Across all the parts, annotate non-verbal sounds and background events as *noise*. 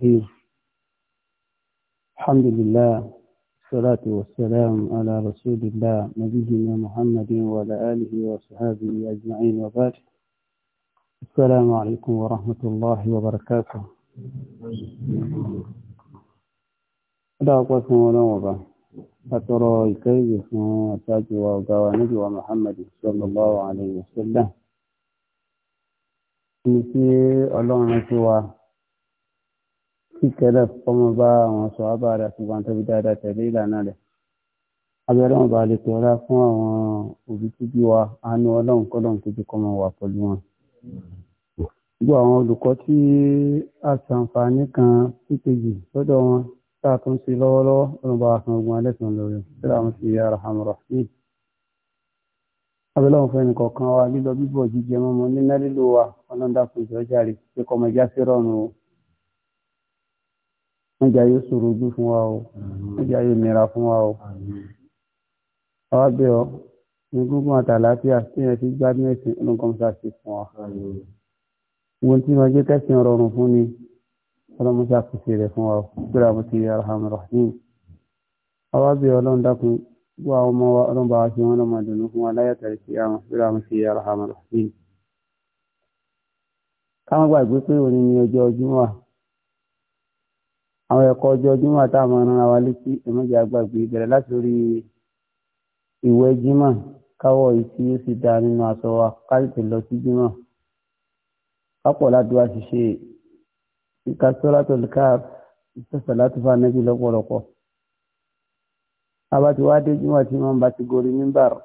الرحيم الحمد لله والصلاة والسلام على رسول الله نبينا محمد وعلى آله وصحبه أجمعين وبعد السلام عليكم ورحمة الله وبركاته لا قسم ولا وضع فترى الكيف أتاج وقوانج ومحمد صلى الله عليه وسلم نسي الله نسوى kíkẹ́lẹ̀ fọmọ bá àwọn sọ abára ṣùgbọ́n tóbi dáadáa tẹ̀lé ìlànà rẹ̀ abẹ́rẹ́ wọn bá lè tọ́ra fún àwọn òbí tíbi wa àánú ọlọ́run kọ́lọ́run tóbi kọ́ mọ wà pẹ̀lú wọn. gbogbo àwọn olùkọ́ tí a ṣàǹfààní kan síkejì lọ́dọ̀ wọn tá a tún ṣe lọ́wọ́lọ́wọ́ ọ̀run bá a san ogun alẹ́ kan lórí síra wọn sì yára hamra yìí. abẹ́rẹ́ wọn fẹ́ni kọ̀ọ̀kan wa lílọ bíbọ̀ jíjẹ mọ́mọ́ nínú lílo wa ọlọ́ńdàkùn ìjọ́jà rè é kọ́mọ wọ́n jẹ́ ayé sòrò ojú fún wa o wọ́n jẹ́ ayé nira fún wa o. àwa bẹ̀ ọ́ ní gúngún àtàlàáfíà téèyàn ti gbádùn ẹ̀sìn olùkọ́mọsá sí fún wa. wo tí wọ́n jẹ́ kẹ́sìn rọrùn fún ni ọlọ́mọsá kò ṣe rẹ̀ fún wa o gbéra mo ti arahamu rahim. àwa bẹ̀ ọlọ́run dákun gbọ́ àwọn ọmọ wa ọlọ́run wa ṣe wọ́n lọ́mọ ìdùnnú fún wa láyàtọ̀ sí àwọn gbéra mo ti arahamu rahim. káwọn gbàgbé pé òní ni ọjọ́ ọjọ́ wà ẹ̀kọ́ ọjọ́ júmọ̀ tá a máa rán wa létí ẹ̀mọ́jà àgbàgbé bẹ̀rẹ̀ láti orí ìwẹ̀ jímọ̀ káwọ̀ ìtí ó sì dáa nínú aṣọ wa káyọ̀tì lọ sí jímọ̀ kápọ̀ láti wá ṣiṣẹ́ ìka sọ́látò káàf ìṣẹ̀ṣẹ̀ láti fa nẹ́bí lọ́pọ̀lọpọ̀ abati wa dé jímọ̀ tí wọ́n bá ti gorí mímbàrò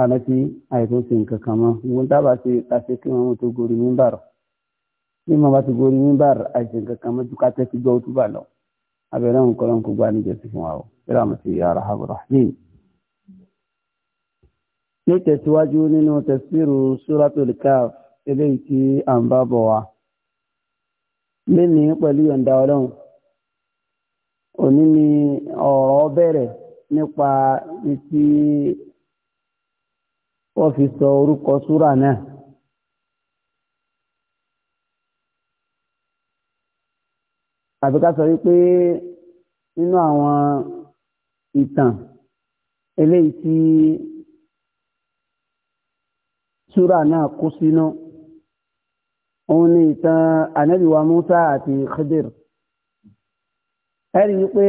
àná tí àìtún sí nǹkan kan mọ́ ìwọ̀n dábàá sí kàṣe kí wọ́n tó gorí mímbàrò bí wọ́n bá ti gorí mímbàrò àìsàn kankan mọ́ ju ká tẹ́tí gbọ́ òtúbà lọ. abẹ́rẹ́ òun kọ́lọ́n kó gbá níjọ sí fún wa o bẹ́rẹ̀ àmọ́ sí yàrá àbọ̀ ní tẹ̀síwájú nínú tafsiru suratul eléyìí tí à ń bá bọ̀ wá. lénìí pẹ̀lú yọ̀ǹda àbí ká sọ wípé nínú àwọn ìtàn eléyìí tí súrà náà kó sínú òun ni ìtàn ànábì wa Musa àti Khidir ẹ rí i pé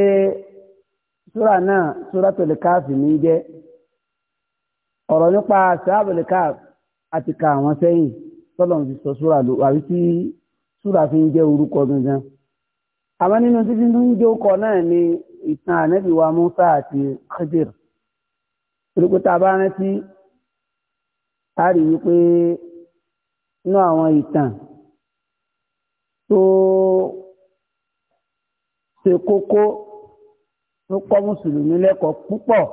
súrà náà Suratul Káàfì ní jẹ́ ọ̀rọ̀ nípa sábẹ̀lì àti ka àwọn sẹ́yìn tọ́lọ̀ sọ súrà lò àbí tí súrà fi ń jẹ́ orúkọ gangan àmọ́ nínú títí tó ń jókọ náà ni ìtàn ànábì wa Musa àti Khidir torípótá bá rántí a rí wípé inú àwọn ìtàn tó ṣe kókó tó kọ́ mùsùlùmí lẹ́kọ̀ọ́ púpọ̀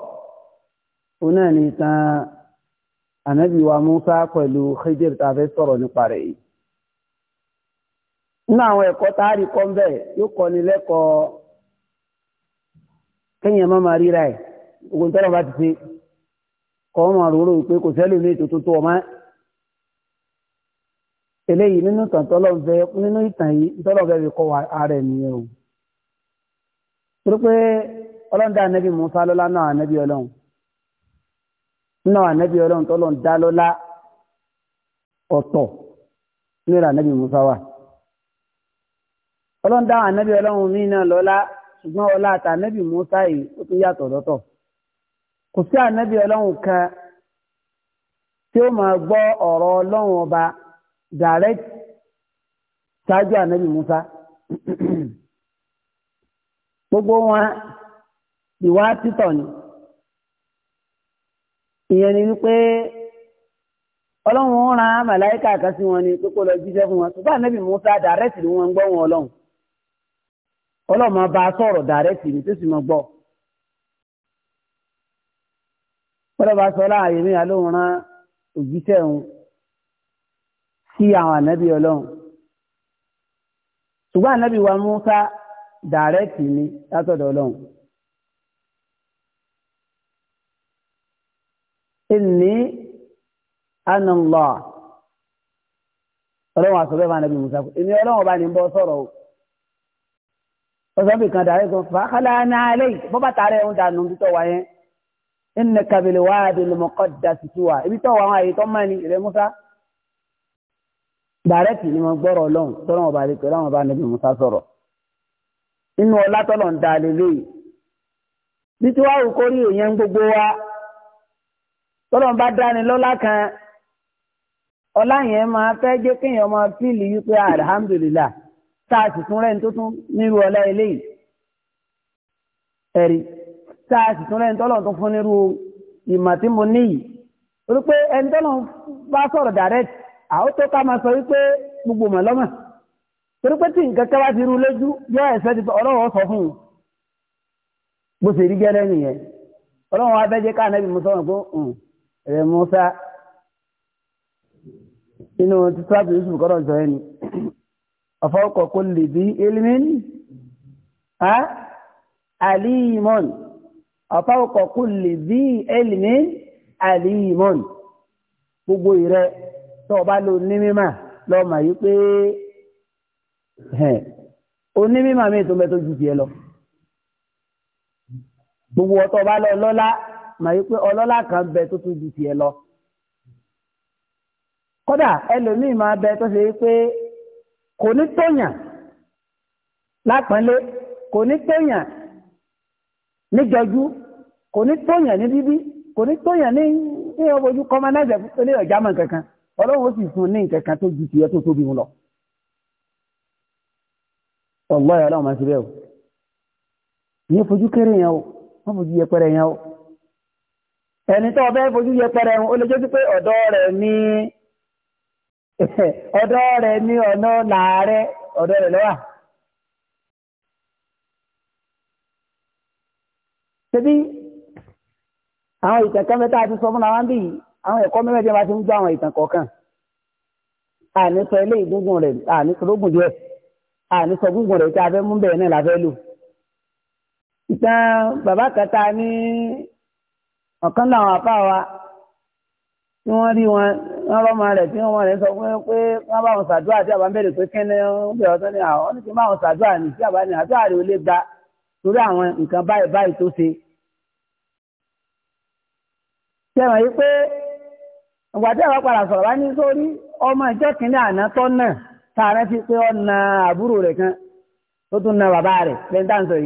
òun náà ni ìtàn ànábì wa Musa pẹ̀lú Khidir tá a fẹ́ sọ̀rọ̀ nípa rẹ̀ yìí nínú àwọn ẹ̀kọ́ tá a rí kọ́ ń bẹ̀ yóò kọ́ ni lẹ́kọ̀ọ́ kéèyàn má máa ríra ẹ̀ ogun tọ́lọ̀ bá ti ṣe kọ́ ọ́ máa rúurú pé kò sẹ́lò ní ètò tó tó ọmọ eléyìí nínú ìtàn tọ́lọ̀ ń fẹ́ nínú ìtàn yìí tọ́lọ̀ fẹ́ fi kọ́ ara ẹ̀ nìyẹn o torí pé ọlọ́dà ànábì Musa lọ́lá náà ànábì ọlọ́run náà ànábì ọlọ́run tọ́lọ̀ ń dá lọ́lá ọ̀tọ̀ nílẹ̀ ànábì Musa wà. ọlọ́run dáhùn ànábì ọlọ́run mí náà lọ́lá ṣùgbọ́n ọlá àti ànábì Mùsá yìí ó tún yàtọ̀ lọ́tọ̀ kò sí ànábì ọlọ́run kan tí ó máa gbọ́ ọ̀rọ̀ ọlọ́run ọba direct ṣáájú ànábì musa. *clears throat* gbogbo wọn ìwà títọ̀ ni ìyẹn ni wípé ọlọ́run ń ran màláìkà kan wọn ni pé kó lọ jíṣẹ́ fún wọn ṣùgbọ́n direct ni wọ́n ń ọlọ́mọ bá a sọ̀rọ̀ dàrẹ́tì ní tó sì mọ gbọ́ ọlọ́ba sọ láàyè mí alóhùn rán òjíṣẹ́ òun sí àwọn ànábì ọlọ́run ṣùgbọ́n ànábì wa Mùsá dàrẹ́tì ní látọ̀dọ̀ ọlọ́run. inni ana Allah ọlọ́run àsọ̀bẹ́ bá ànábì Mùsá kù èmi ọlọ́run ọba ní bọ́ sọ̀rọ̀ o ọ̀sán bìkan dàrẹ́ gan fàákàlà náà lẹ́yìn bọ́bá tààrẹ ń dànù bí tọ́wà yẹn ẹnna kabili wáàdì lọmọkọ dàsítì wà ibi tọ́wà àwọn àyè tó máa ní ìrẹ́ musa dàrẹ́tì ni mo gbọ́rọ̀ ọlọ́run tọ́lọ́ wọn bá rí pẹ̀lú àwọn bá níbi musa sọ̀rọ̀ inú ọlá tọ́lọ̀ ń da lélẹ̀ yìí bí tí wàá kó rí èèyàn gbogbo wa tọ́lọ̀ bá dání lọ́lá kan ọlá yẹn máa fẹ́ jẹ́ kéèyàn máa fíìlì yí pé alhamdulilayi tá a sì tún rẹ́ni tó tún nírú ọlá eléyìí ẹ̀rí tá a sì tún rẹ́ni tọ́lọ̀ tó fún nírú ìmọ̀ tí mo pé ẹni tọ́lọ̀ bá sọ̀rọ̀ direct àwọn tó ká máa sọ wípé gbogbo mọ̀ lọ́mọ torí pé tí nǹkan kẹ́wàá ti rú sọ fún un bó ṣe Musa inú Yusuf ọ̀fọ́kọ̀ kó lè bí ilmin alimon ọ̀fọ́kọ̀ kó lè bí ilmin alimon gbogbo ìrẹ tó o bá lò ní mímà lọ́mọ yìí pé oní mímà mi tó mẹ́tọ́ ju tiẹ̀ lọ gbogbo ọ̀tọ̀ bá lọ lọ́lá mà yìí pé ọlọ́lá kan bẹ tó tún ju tiẹ̀ lọ kódà ẹlòmíì máa bẹ tó ṣe pé kò ní tóyàn lápẹ́lé kò ní tóyàn níjọjú kò ní tóyàn ní bíbí kò ní tóyàn ní ní ọbojú kọ́mọ́náìsẹ̀ ilé ọ̀já mọ̀ kankan ọlọ́run ó sì fún ní nǹkankan tó ju tiẹ̀ tó tóbi wọn lọ. ọ̀gbọ́n ọlọ́run ẹni tó ọbẹ̀ fojú yẹpẹrẹ o lè jẹ́ sí pé ọ̀dọ́ rẹ̀ ní. *laughs* ọ̀dọ̀ rẹ̀ ní ọ̀nà làárẹ̀ ọ̀dọ̀ rẹ̀ lọ́wà. ṣebí àwọn ìtàn kan mẹ́ta àti sọ fún àwọn bí àwọn ẹ̀kọ́ mẹ́rin tí wọ́n ti ń gbọ́ àwọn ìtàn kọ̀ọ̀kan àní sọ ilé ìgbógun rẹ̀ àní sọ lógun díẹ̀ àní sọ gúngun rẹ̀ tí a fẹ́ mú bẹ́ẹ̀ náà la fẹ́ lò. ìtàn bàbá kan ta ní ọ̀kan náà àpá wa tí wọ́n rí wọn rọ́mọ rẹ̀ tí wọ́n rẹ̀ sọ pé wọ́n bá wọn ṣàdúrà tí àbá pé kẹ́ni ń bẹ̀rẹ̀ ọ̀tọ́ ni àwọn ní kí bá wọn ṣàdúrà ní tí àbá ní àdúrà rẹ̀ gba torí àwọn nǹkan báyìí báyìí tó ṣe. sẹ́wọ̀n yìí pé ìgbà tí àwọn padà sọ̀rọ̀ bá ní sórí ọmọ ìjọ kìnínní àná tọ́ náà tá a rẹ́ pé ó na àbúrò rẹ̀ kan tó tún na bàbá rẹ̀ pẹ̀lú tó ṣe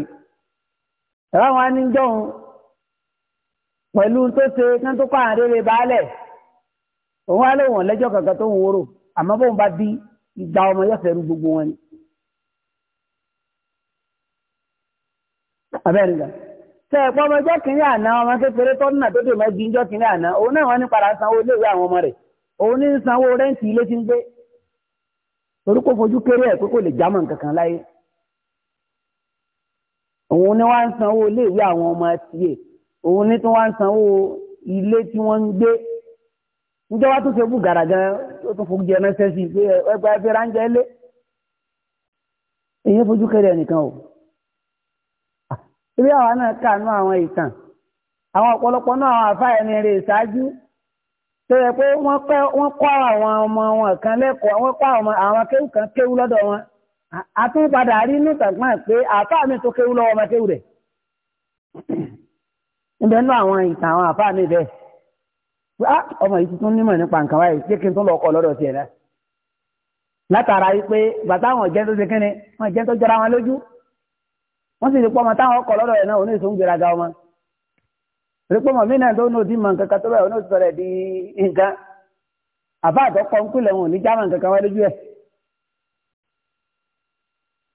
kí wọ́n tó kọ́ àrẹ́rẹ́ baálẹ̀ òun á léwọ̀n lẹ́jọ́ kankan tó ń wúrò àmọ́ bóun bá bí igba ọmọ yóò fẹ́rù gbogbo wọn ni. abẹ́rẹ́ nǹkan tẹ ẹ̀pọ̀ ọmọ ọjọ́ kìnínní àná ọmọ kékeré tó nà tó dè mọ́ igi ọjọ́ kìnínní àná òun náà wọ́n ní padà sanwó iléèwé àwọn ọmọ rẹ̀ òun ní sanwó rẹ́ǹtì ilé tí ń gbé torí fojú kéré ẹ̀ pé kò lè jámọ̀ nǹkan láyé òun ni wọ́n á sanwó iléèwé àwọn ọmọ tiẹ̀ òun ní tí wọ́n sanwó ilé tí wọ́n ń gbé ndị wàá tó ṣe bú gàrà gan tó tó fojú ẹ̀rọ ṣẹ́sì pé ẹgbẹ́ ẹgbẹ́ ránjẹ́ lé èyí fojú kéré ẹnìkan o ilé àwọn náà kàánú àwọn ìtàn àwọn ọ̀pọ̀lọpọ̀ náà àwọn àfáà ẹni rè ṣáájú tó yẹ pé wọ́n kọ́ àwọn ọmọ kan lẹ́kọ̀ọ́ wọ́n wọn rí inú pé mi tó kéwù lọ́wọ́ ọmọ kéwù rẹ̀ náà àwọn ìtàn àwọn àfáà mi bẹ́ẹ̀. pé á ah, ọmọ yìí tuntun nímọ̀ nípa nǹkan wáyé ṣé kí n tún lọ kọ́ lọ́dọ̀ tiẹ̀ náà látara yìí pé bàtà àwọn jẹ́ tó ṣe kí ni wọ́n jẹ́ tó jọra wọn lójú wọ́n sì rí pọ́ ọmọ táwọn kọ́ lọ́dọ̀ rẹ̀ náà oníṣòwò ń gbéraga ọmọ rí pọ́ ọmọ mí náà tó ní òdì mọ̀ nǹkan kan tó báyìí oníṣòwò rẹ̀ di nǹkan àbá àtọ́kọ́ ń pìlẹ̀ wọn ò ní jámà nǹkan kan wá lójú ẹ̀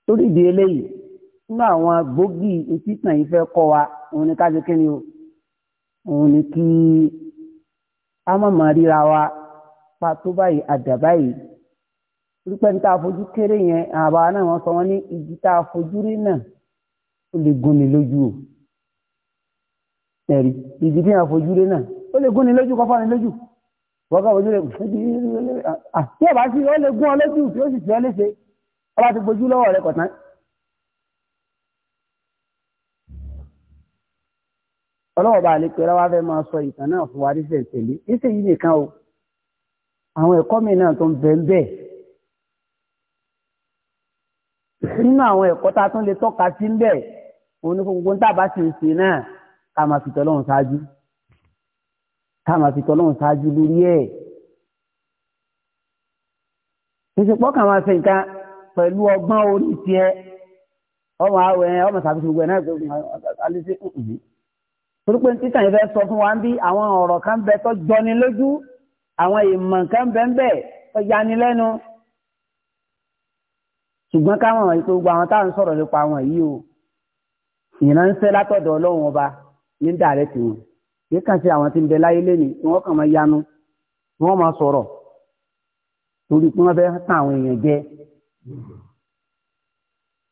torí ìdí a má máa ríra wa pa tó báyìí àdà báyìí rúpẹ́ ní tá a fojú kéré yẹn àbá náà wọ́n sọ wọ́n ní igi tá a fojú rí náà ó lè gúnni lójú o ẹ̀rí igi tí a fojú rí náà ó lè gúnni lójú kọ́fà ní lójú wọ́gá fojú rẹ̀ tí ẹ̀ bá sí ó lè gún ọ lójú tí ó sì fi ọ léṣe ọba ti gbojú lọ́wọ́ rẹ̀ kọ̀tán ọlọ́wọ́ bá wá fẹ́ máa sọ ìtàn náà fún wa níṣẹ́ ìtẹ̀lé níṣẹ́ yìí nìkan o àwọn ẹ̀kọ́ mi náà tó ń bẹ ń bẹ nínú àwọn ẹ̀kọ́ tá a tún lè tọ́ka sí ń bẹ òun ní gbogbo ń tàbá sì ń ṣe náà ká máa fi tọ́lọ́run ṣáájú ká máa fi tọ́lọ́run ṣáájú lórí ẹ̀ ìṣèpọ̀ kà máa ṣe nǹkan pẹ̀lú ọgbọ́n orí tiẹ̀ ọmọ àwẹ̀ ọmọ sàbíṣe gbogbo ẹ̀ náà gbogbo àlejò torípé títàn yìí fẹ́ sọ fún wa ń bí àwọn ọ̀rọ̀ kan bẹ tó jọni lójú àwọn ìmọ̀ kan bẹ ń bẹ tó yani lẹ́nu ṣùgbọ́n káwọn ọ̀rọ̀ ìpè gbogbo àwọn táwọn sọ̀rọ̀ nípa àwọn yìí o ìránṣẹ́ látọ̀dọ̀ ọlọ́run ọba ní dàrẹ́ tiwọn kì í kàn sí àwọn tí ń bẹ láyé lẹ́nu tí wọ́n kàn máa yanu wọ́n máa sọ̀rọ̀ torí pé wọ́n fẹ́ tàn àwọn èèyàn jẹ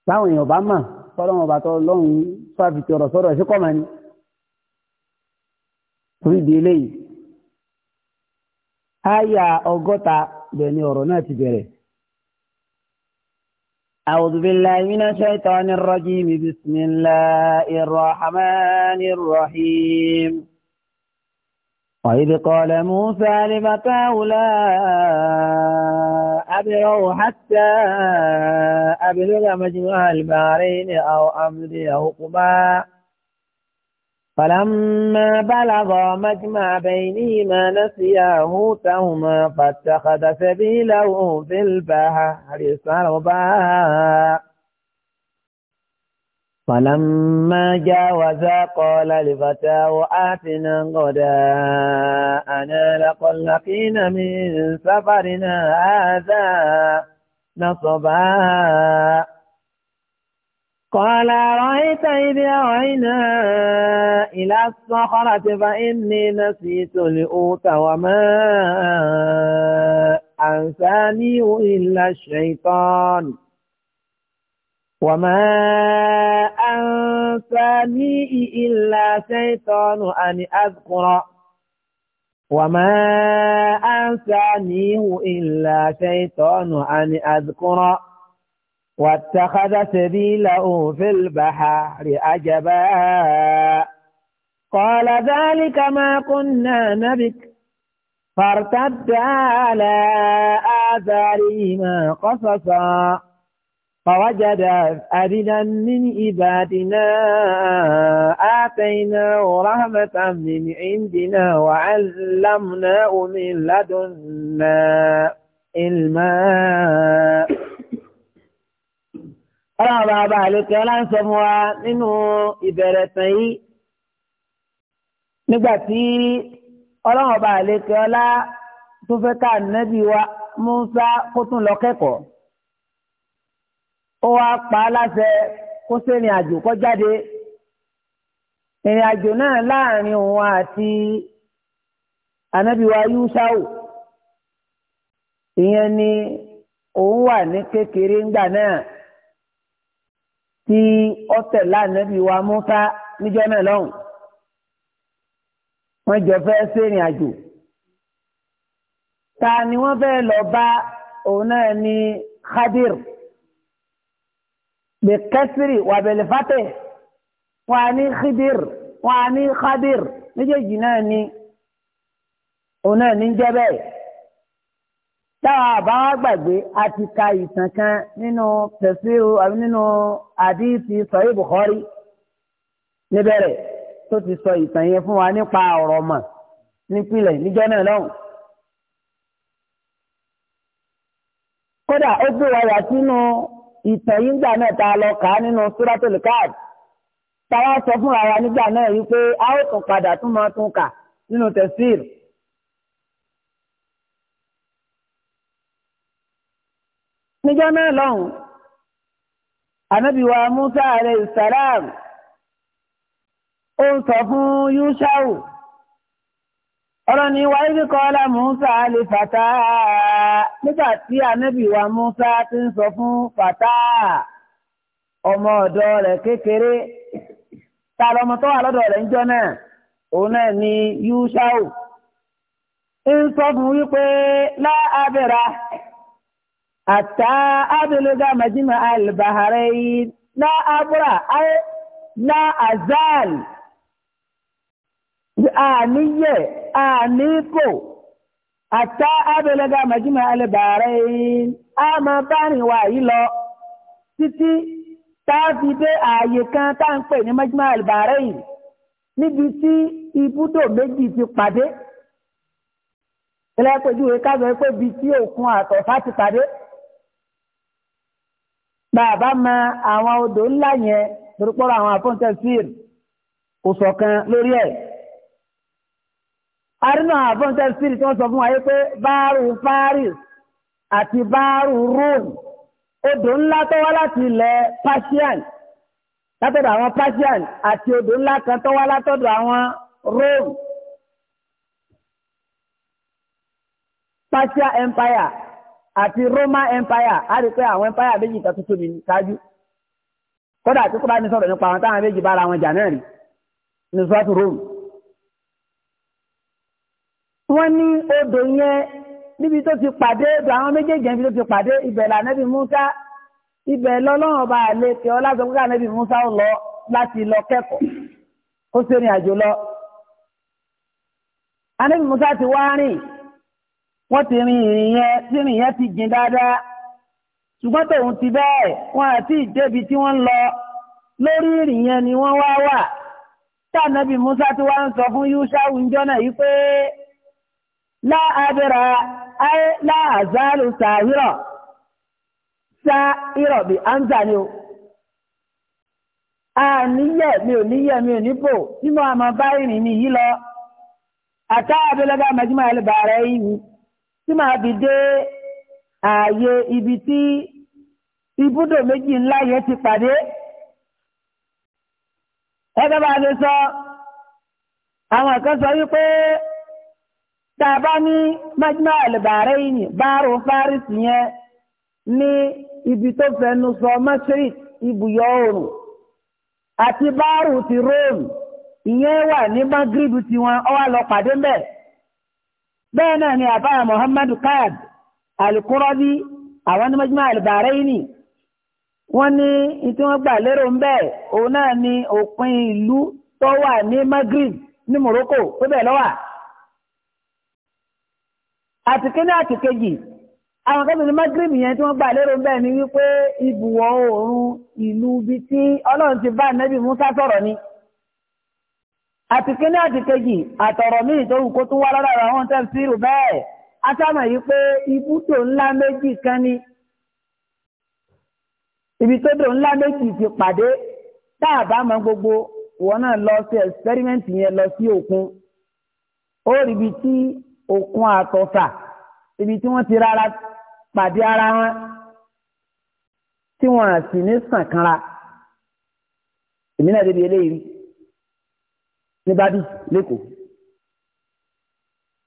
táwọn èèyàn bá mọ̀ tọ́lọ́run ọba tọ́lọ́run fáfitì orí di eléyìí àyà ọgọ́ta bẹ́ẹ̀ ni ọ̀rọ̀ náà ti bẹ̀rẹ̀. أعوذ بالله من الشيطان الرجيم بسم الله الرحمن الرحيم وإذ قال موسى لفتاه لا أبره حتى أبلغ مجمع البحرين أو أمضي حقبا فلما بلغا مجمع بينهما نسيا هوتهما فاتخذ سبيله في البحر سربا فلما جاوزا قال لفتاه آتنا أنا لقل لقينا من سفرنا هذا نصبا قال رأيت إذ أوينا إلى الصخرة فإني نسيت الأوت وما أنساني إلا الشيطان وما أنساني إلا شيطان أن أذكر وما أنساني إلا شيطان أن أذكر واتخذ سبيله في البحر عجبا قال ذلك ما كنا نبك فارتد على آثارهما قصصا فوجد أبدا من عبادنا آتيناه رحمة من عندنا وعلمناه من لدنا علما ọlọ́run bá bá àlékè ọlá ń sọ wa nínú ìbẹ̀rẹ̀ tán yìí nígbà tí ọlọ́run bá ọlá tó fẹ́ ká nẹ́bí wa Musa kó tún lọ kẹ́kọ̀ọ́ ó wá pa á láṣẹ kó sẹ́ni àjò kó jáde ìrìn àjò náà láàrin òun àti ànábìwa Yúsáù ìyẹn ni òun wà ní kékeré ńgbà náà. tí ọtẹ lánàbí wa Mùsá níjọ́ náà lọ́hùn wọ́n jọ fẹ́ sẹ́rìn àjò ta ni wọ́n fẹ́ lọ bá òun náà ní Khadir bẹkẹsìrì wà bẹlẹfàtẹ wọ́n á ní Khidir wọ́n ní Khadir méjèèjì náà ni òun náà ní jẹ́ táwọn àbá gbàgbé a ti ka ìtàn kan nínú tẹ̀síru àbí nínú àdìsí sọ̀rí Bukhari níbẹ̀rẹ̀ tó ti sọ ìtàn yẹn fún wa nípa ọ̀rọ̀ mọ̀ nípìnlẹ̀ níjọ́ náà lọ́hùn. kódà ó gbé wa wá sínú ìtàn yìí nígbà náà tá a lọ kà á nínú Suratul Kahf táwa sọ fúnra wa nígbà náà yìí pé a ó tún padà tún máa tún kà nínú tẹ̀síru. níjọ́ náà lọ́hùn ànábì wa Musa alayhi salam ó ń sọ fún Yushau ọ̀rọ̀ ni wáyé bí kọ́lá Musa lè fàtà nígbà tí ànábì wa Musa ti ń sọ fún fàtà ọmọ ọ̀dọ́ rẹ̀ kékeré ta lọmọ tó wà lọ́dọ̀ rẹ̀ níjọ́ náà òun náà ni Yushau ń sọ fún wípé láàbẹ̀rẹ̀ àtà abúlégá majima albaharain la abúrà ayé la azal àníyẹ àníkò àtà abúlégá majima albaharain a máa bá rìn wá yìí lọ títí táàfi dé ààyè kan tá à ń pè ní majima albaharain níbi tí ibùdó méjì ti pàdé ilé ẹ̀pẹ̀jú sọ pé ibi tí òkun àtọ̀fà ti pàdé bàbá mọ àwọn odò ńlá yẹn torípọ́rọ̀ àwọn àfọ́ǹtẹ́sìr kò sọ̀kan lórí ẹ̀ arínà àfọ́ǹtẹ́sìr tí wọ́n sọ fún wa yé pé báàrù Faris àti báàrù Rome odò ńlá tó wá láti ilẹ̀ Persian látọ̀dọ̀ àwọn Persian àti odò ńlá kan tó wá látọ̀dọ̀ àwọn Rome Persia Empire àti Roman Empire a rí pé àwọn empire méjì kan tuntun mi ṣáájú kódà tí kò bá ní sọ̀rọ̀ nípa àwọn táwọn méjì bára wọn jà náà rí ní sọ́ọ̀tù Rome. wọ́n ní odò yẹn níbi tó ti pàdé odò àwọn méjèèjì níbi tó ti pàdé ibẹ̀ lànẹ́bí Musa ibẹ̀ lọ́lọ́run ọba àlè tí ọ láti ọkọ̀ ànẹ́bí Musa ó lọ láti lọ kẹ́kọ̀ọ́ ó sì àjò lọ. ànẹ́bí Musa ti wá rìn wọ́n ti rin ìrìn yẹn tí ìrìn yẹn ti jìn dáadáa ṣùgbọ́n tòun ti bẹ́ẹ̀ wọ́n àti ìdébi tí wọ́n ń lọ lórí ìrìn yẹn ni wọ́n wá wà tànàbí Musa tí wọ́n ń sọ fún Yúṣáwù ń jọ́nà yìí pé sàírọ̀ sàírọ̀ ni o mi ò mi ò nínú àmọ́ bá ìrìn mi yìí lọ ẹ̀ lè bàrẹ̀ yìí tí màá fi dé ààyè ibi tí ibùdó méjì ńlá yẹn ti pàdé ẹgbẹ́ bá lè sọ àwọn kan sọ wípé tá a bá ní Majma' al-Bahrain báàrò Faris yẹn ní ibi tó fẹnu sọ mashrik ibùyọ oòrùn àti báàrò ti Rome ìyẹn wà ní Maghrib tiwọn ó wá lọ pàdé mbẹ́ẹ̀. bẹ́ẹ̀ naa ni àbáyà Muhammad Kaab al àwọn ní al wọ́n ní tí wọ́n gbà lérò ń bẹ́ẹ̀ òun ni òpin ìlú tó wà ní ní Morocco tó bẹ́ẹ̀ lọ́wà àtìké ní àtìkéjì àwọn akẹ́kọ̀ọ́ ní Maghrib yẹn tí wọ́n gbà lérò ń bẹ́ẹ̀ ni wípé ibùwọ̀ oòrùn ìlú bíi tí Ọlọ́run ti bá nẹ́bí Musa sọ̀rọ̀ ni. àti kíní àti kejì àtọ̀rọ̀ míì tó wù kó tún wá lára àwọn tẹ́fsírù bẹ́ẹ̀ asámà yìí pé ibùdó ńlá méjì kan ní ibi tó dò ńlá méjì ti pàdé tá a bá mọ gbogbo wọn náà lọ sí ẹsipẹ́rímẹ́ǹtì yẹn lọ sí òkun ó rí ibi tí òkun àtọ̀sà ibi tí wọ́n ti rárá pàdé ara wọn tí wọ́n sì ní sàn kanra èmi náà débi eléyìí níbàdí lẹ́kọ̀ọ́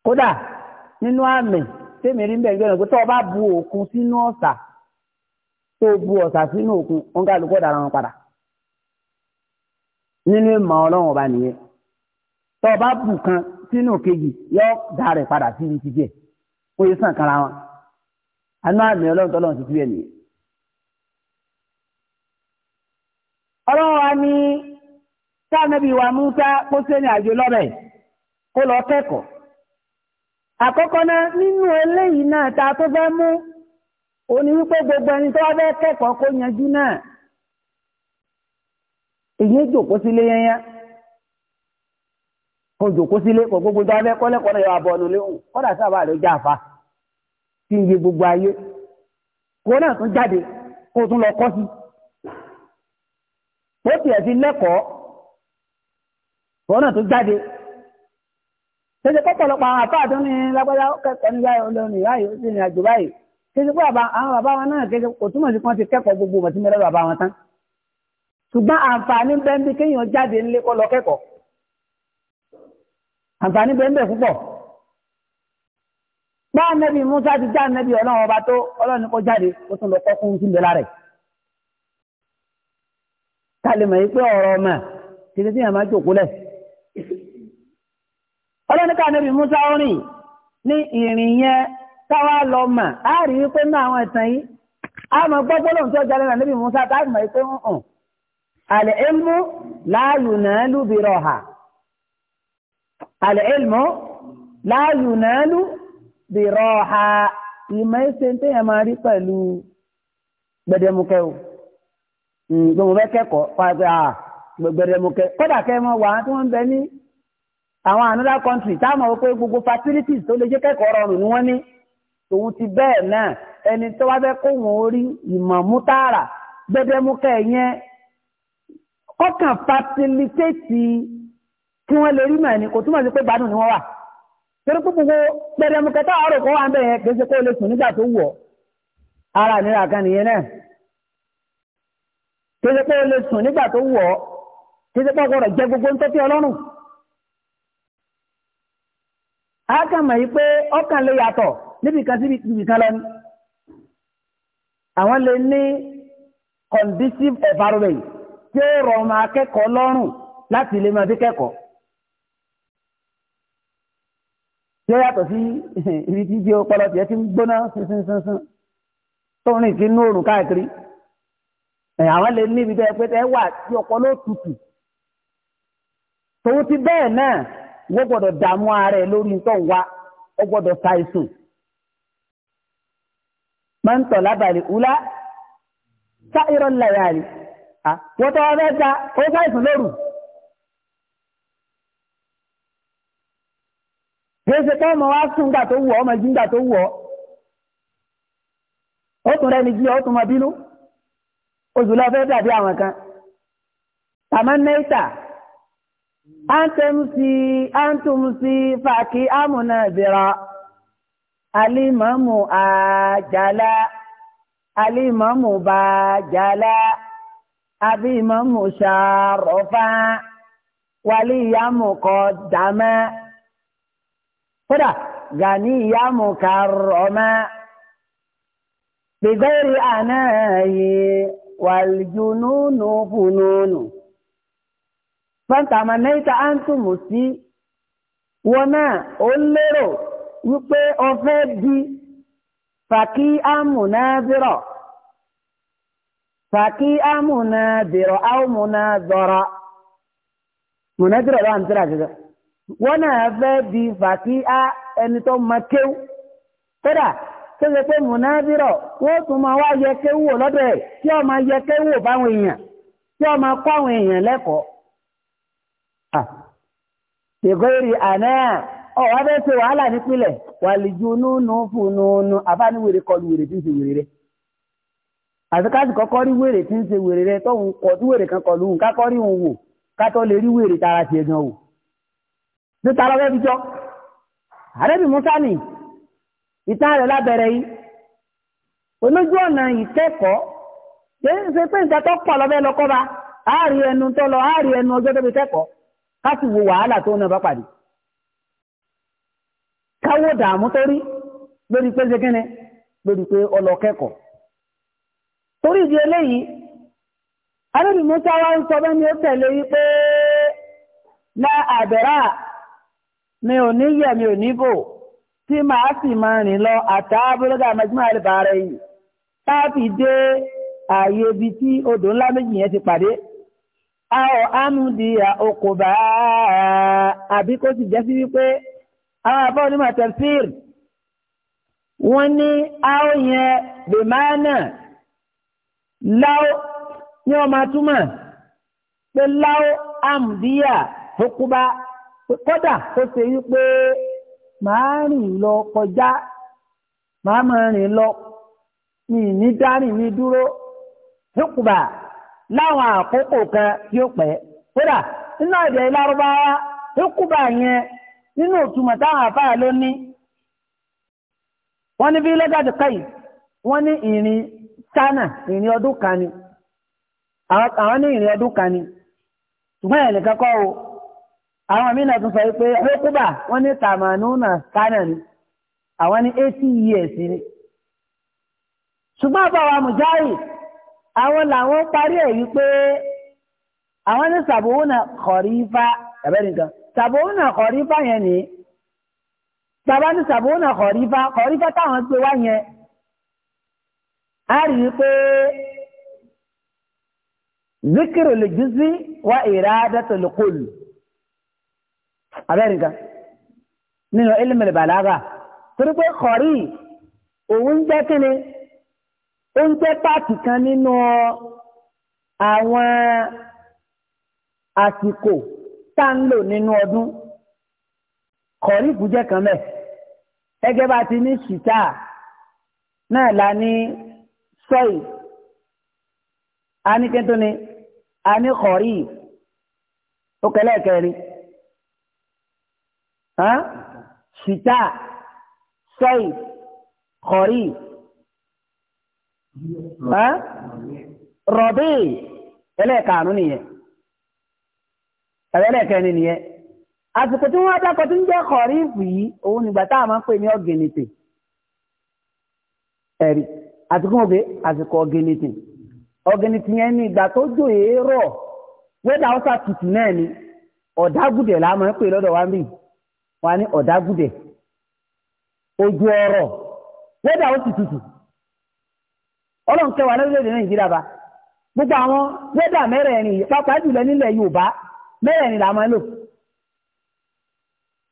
kódà nínú àmì tèmi rí bẹ́ẹ̀ gbẹ́rùn pé tó o bá bu òkun sínú ọ̀sà tó o bu ọ̀sà sínú òkun ó ń ká lóko dára wọn padà nínú ìmọ̀ ọlọ́run ọba nìyẹn tó o bá bu kan sínú kejì yóò dá rẹ̀ padà síbi ti jẹ́ ó yẹ sàn kára wọn àná àmì ọlọ́run tọ́lọ́run ti fi ẹ̀ nìyẹn. ọlọ́run wa ní tá ànábì wa Mùsá kó sẹ́ni àjò lọ́rẹ̀ kó lọ kẹ́kọ̀ọ́ àkọ́kọ́ náà nínú eléyìí náà ta tó fẹ́ mú òní wípé gbogbo ẹni tó wá fẹ́ kẹ́kọ̀ọ́ kó yanjú náà èyí jòkó sílé yẹnyá kò jòkó sílé kò gbogbo tó wá fẹ́ kọ́lẹ́kọ́ náà yọ abọ́ ọ̀nà léwu kọ́dà sábà rẹ̀ já fa kí n yé gbogbo ayé kó náà tún jáde kó tún lọ kọ́ sí ó tiẹ̀ fi lẹ́kọ̀ọ́ wọn náà tó jáde ṣeṣe pọ̀pọ̀lọpọ̀ àwọn àpá àtún ní lágbájá kẹ́kọ̀ọ́ ní báyìí olórin ráyè ó sì ní àjò báyìí ṣeṣe pé àwọn bàbá wọn náà kẹ́kẹ́ kò túmọ̀ sí kí wọ́n ti kẹ́kọ̀ọ́ gbogbo mọ̀tí mẹ́rẹ́ bàbá wọn tán ṣùgbọ́n àǹfààní bẹ́ńbí kéèyàn jáde nílé kọ́ lọ kẹ́kọ̀ọ́ àǹfààní bẹ́ńbẹ̀ púpọ̀ bá nẹ́bí Musa ti já nẹ́bí ọlọ́run ọba tó ọlọ́run ní kó jáde ó tún lọ kọ́kún sí ilẹ̀ lára ẹ̀ ká lè mọ̀ yí pé ọ̀rọ̀ ọmọ kìí sí tá níbi Musa orin ní ìrìn yẹn táwa lọ mà á rí i pé náà àwọn ìtàn yìí a mọ̀ gbọ́ gbólóhùn tí ó jalè náà níbi Musa tá a mọ̀ pé ń hàn àlẹ́ ilmu láàyò náà lùbìrọ̀ hà àlẹ́ ilmu láàyò náà lùbìrọ̀ hà ìmọ̀ ẹsẹ̀ tí yẹn máa rí pẹ̀lú gbẹdẹmukẹ́ o gbẹmọ̀ bẹ́ẹ̀ kẹ́kọ̀ọ́ fún àgbẹ̀ gbẹdẹmukẹ́ kódà kẹ́ mọ̀ wà á tí wọ́n bẹ ní àwọn another country táwọn ọ̀pọ̀ gbogbo facilities tó lè jẹ́ kẹ́kọ̀ọ́ rọrùn ni wọ́n ní tòun ti bẹ́ẹ̀ náà ẹni tó wá fẹ́ kó wọn orí ìmọ̀ mú tààrà gbẹdẹmúkẹ́ yẹn kọ́kàn facilitate kí wọ́n lè rí mọ̀ ẹni kò túmọ̀ sí pé gbádùn ni wọ́n wà torí pé gbogbo gbẹdẹmúkẹ́ táwọn ọ̀rọ̀ kan wà ń bẹ̀ yẹn kì í ṣe kó lè sùn nígbà tó wù ọ́ ara ìnira kan nìyẹn náà kì í ṣe kó lè sùn nígbà tó wù ọ́ kì í ṣe kó gbọ́dọ̀ jẹ gbogbo ń tọ́tí ọlọ́run a kàn mọ̀ yìí pé ọkàn lè yàtọ̀ níbi kan síbi ibi kan lọ ni àwọn lè ní conducive environment tí ó rọ̀ ọmọ akẹ́kọ̀ọ́ lọ́rùn láti lè máa fi kẹ́kọ̀ọ́ tí ó yàtọ̀ sí ibi tí jẹ́ ọpọlọ tiẹ̀ ti ń gbóná sínsínsínsín tó ń rìn sí inú òrùn káàkiri àwọn lè ní ibi tẹ́ pé tẹ́ wà tí ọpọlọ tutù tòun ti bẹ́ẹ̀ náà wọ́n gbọ́dọ̀ dààmú ara ẹ̀ lórí nǹkan wa ó gbọ́dọ̀ ṣàìsùn. máa ń tọ̀ lábàlì wúlá sá irọ́ lẹ́yàrí wọ́n tọ́ ọ́rẹ́ ta ó ṣàìsùn lóru. kìí ṣe kọ́ ọmọ wa sùn gbà tó wù ọ́ ọmọ jí gbà tó wù ọ́ ó tún rẹ́ni jí ọ́ tún mọ bínú oṣù lọ dàbí àwọn kan tàmánẹ́ta antumsi antumsi faki amuna zira alimamu ajala alimamu bajala abimamu sharofa waliyamu kodama kódà ganiyamu karoma bigori anayi waljununu fununu. fanta mẹ́ta áńtùmù sí wọn náà ó wípé ọfẹ́ di fàkí fàkí di fàkí a ẹni tó mọ kéwú kódà tó ṣe pé mùnábìrọ̀ wọ́n tún máa wá yẹ kéwú lọ́dọ̀ ẹ̀ kí ọ máa yẹ kéwú báwọn èèyàn kí ọ kọ́ àwọn èèyàn lẹ́kọ̀ọ́. Ah. ìgbéyìí àná ọ̀wá bẹ́ẹ̀ ṣe wàhálà nípìnlẹ̀ wàlìjú nùnú fùnùnù abániwèrè kọlu wèrè tí ń ṣe wèrè rẹ àti kọ́kọ́ rí wèrè tí ń se wèrè rẹ tó ń kọ́ tí wèrè kan kọlu ń kákọ́ rí wò lè rí wèrè tara ti gan o musa rẹ̀ lábẹ́rẹ́ yìí olójú ọ̀nà ìkẹ́kọ̀ọ́ kì í pé ká sì wo wàhálà tó náà bá pàdé káwó dààmú tó rí lórí pé ṣẹ́kẹ́nẹ́ lórí pé ọlọ́kẹ́kọ̀ọ́ torí ìdí eléyìí alẹ́bí musa wá ń sọ bẹ́ẹ̀ ni ó tẹ̀lé yí pé lá àbẹ̀rà mi ò ní yẹ̀ mi ò ní bò tí màá sì máa rìn lọ àtàbọ̀lọ́gà mẹ́jìmọ́ àlebàárẹ̀ yìí táàfì dé ààyè ibi tí odò ńlá méjì yẹn ti pàdé a ò amúdíyà okò bá àbí kó sì jẹ́ sí wípé àwọn àbá onímọ̀ tafsir wọ́n ní a ó yẹn bèmánà láó ní ọmọ túmọ̀ pé láó amúdíyà okò bá kódà tó ṣe wípé màá rìn lọ kọjá màá máa rìn lọ ní ìní dárìn mi dúró okò bá. láwọn àkókò kan yóò pẹ́ kódà nínú èdè lárúbáwá ìkúbà yẹn nínú òtúmọ̀ táwọn àfáà ló ní wọ́n ní bí lẹ́gàdì káyì wọ́n ní ìrìn sánà ìrìn ọdún kan ni àwọn ní ìrìn ọdún kan ni ṣùgbọ́n ẹ̀ nìkan kọ́ o àwọn mìíràn tún sọ pé ìkúbà wọ́n ní sánà ni àwọn ní 80 years ni ṣùgbọ́n àbáwá mùjáì àwọn làwọn parí ẹ̀ wípé àwọn ní sàbòwúnà kọ̀rífà ẹ̀bẹ́ nìkan sàbòwúnà kọ̀rífà yẹn ni bàbá ní sàbòwúnà kọ̀rífà kọ̀rífà táwọn gbé wá yẹn a rí i pé zikiru lè jùzí wá ìrádàtò lè kólù ẹ̀bẹ́ nìkan nínú ilmi bàlágà torí pé kọ̀rí òun jẹ́ kíni ó ń jẹ́ pàtì kan nínú àwọn àsìkò tá ń lò nínú ọdún kọ̀rífù jẹ́ kan bẹ́ẹ̀ gẹ́gẹ́ bá ti ní ṣìtá náà la ní sọ́ì a ní ni a ní kọ̀rí ó kẹlẹ́ kẹrin ṣìtá sọ́ì kọ̀rí. rọ̀bì ẹlẹ́ẹ̀kàánú nìyẹn ẹlẹ́ẹ̀kẹ́ni nìyẹn àsìkò tí wọ́n dákọ̀ tí ń jẹ́ kọ̀rífù yìí òun nígbà tá a máa ń pè ní ọ̀gẹ̀nìtì ẹ̀rí àsìkò òbí àsìkò ọ̀gẹ̀nìtì ọ̀gẹ̀nìtì yẹn ní ìgbà tó jò èérọ̀ wẹ́dà ni la máa ń ọlọ́run kẹwàá lórílẹ̀-èdè nàìjíríà bá gbogbo àwọn wẹ́dà mẹ́rẹ̀ẹ̀rin pápá jùlọ nílẹ̀ yorùbá mẹ́rẹ̀ẹ̀rin là máa ń lò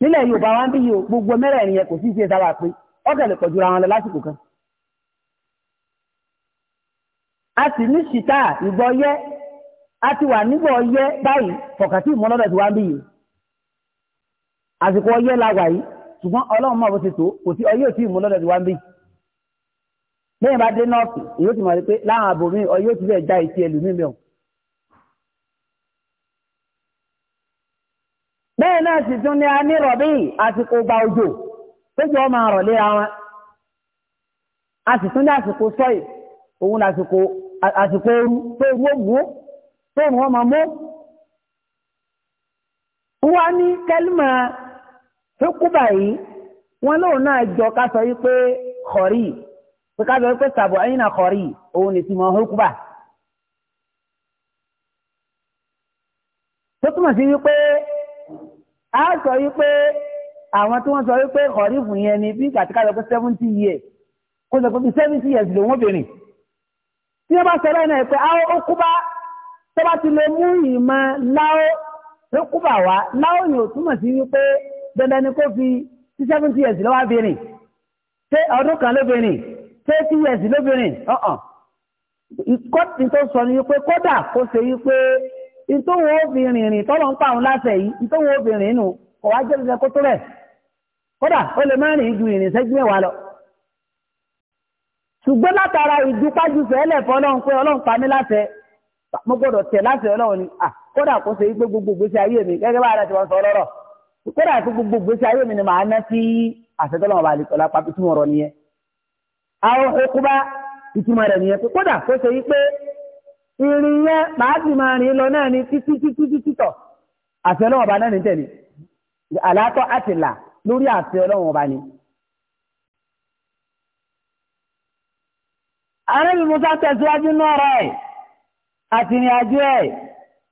nílẹ̀ yorùbá wa ń bí yìí gbogbo mẹ́rẹ̀ẹ̀rin yẹn kò sí ṣe sábà pé ọ̀kẹ́lẹ̀ pọ̀ jura wọn lọ lásìkò kan. a sì ní ṣìtá ìgbọ́ yẹ a ti wà nígbà ọyẹ báyìí fọ̀kàtì ìmọ̀lọ́dọ̀ ti wá ń bí yìí àsìkò ọyẹ la wà yìí ṣùgbọ́n ọlọ́run mọ̀ bó ti tó kò sí ọyẹ òtí ìmọ̀lọ́dọ̀ ti wá ń bí yìí bẹ́ẹ̀ bá dé nọ́ọ̀sì yóò ti mọ̀ pé láwọn àbòmí ọ yóò ti fẹ́ já ìtì ẹlòmíì mìíràn. bẹ́ẹ̀ náà sì tún ní a ní rọ̀bí àsìkò gba òjò péjọ ọmọ àrọ̀ léra wọn a sì tún ní àsìkò sọ́yì òun làsìkò àsìkò ooru tó ooru òwú tó ooru ọmọ mú. wọ́n ní kẹ́límà tó kú báyìí wọ́n lóun náà jọ ká sọ yìí pé kọ̀rí pé ká lọ pé sàbọ̀ ẹ̀yìn náà kọ̀rí òun lè ti mọ hókùbà. tó túmọ̀ sí wípé a sọ wípé àwọn tí wọ́n sọ wípé kọ̀rí fún yẹn ni bí ìgbà tí ká lọ pé seventy years kó sọ pé bí seventy years lòun obìnrin tí wọ́n bá sọ lẹ́yìn náà pé àwọn okúbá tó bá ti lè mú ìmọ̀ láó okúbà wá láó yìí ò túmọ̀ sí wípé dandan ni kó fi seventy years lọ́wọ́ abìnrin ṣé ọdún kan lóbìnrin thirty years lóbìnrin ọ̀hàn ìkọ́tì tó sọ ni pé kódà kó ṣe yí pé ìtòwò obìnrin rìn tọ́lọ̀ ń pa òun láṣẹ yìí ìtòwò obìnrin nù kò wá jẹ́ ìṣẹ́ kó tó rẹ̀ kódà ó lè má rìn ju ìrìnsẹ́jú mẹ́wàá lọ. ṣùgbọ́n látara ìdúpájú fẹ́lẹ̀ fọlọ́run pé ọlọ́run pa mí láṣẹ mo gbọ́dọ̀ tẹ̀ láṣẹ ọlọ́run ni kódà kó ṣe yí pé gbogbo gbèsè ayé mi gẹ́gẹ́ bá ara ti wọ́n sọ ọlọ́rọ̀ kódà gbogbo gbèsè mi ni màá ná sí àṣẹ tọ́lọ́run àwọn okùnbá ìtumọ̀ rẹ̀ nìyẹn pé kódà kó ṣe yí pé irin yẹn pàápàá máa rìn lọ náà ní títí títí títí tọ̀ àti ọlọ́wọ́n ọba náà ní tẹ̀lé àlàátọ́ àti là lórí àti ọlọ́wọ́n ọba ni. àrẹ́bí musa tẹ̀síwájú náà rẹ̀ àti ẹ̀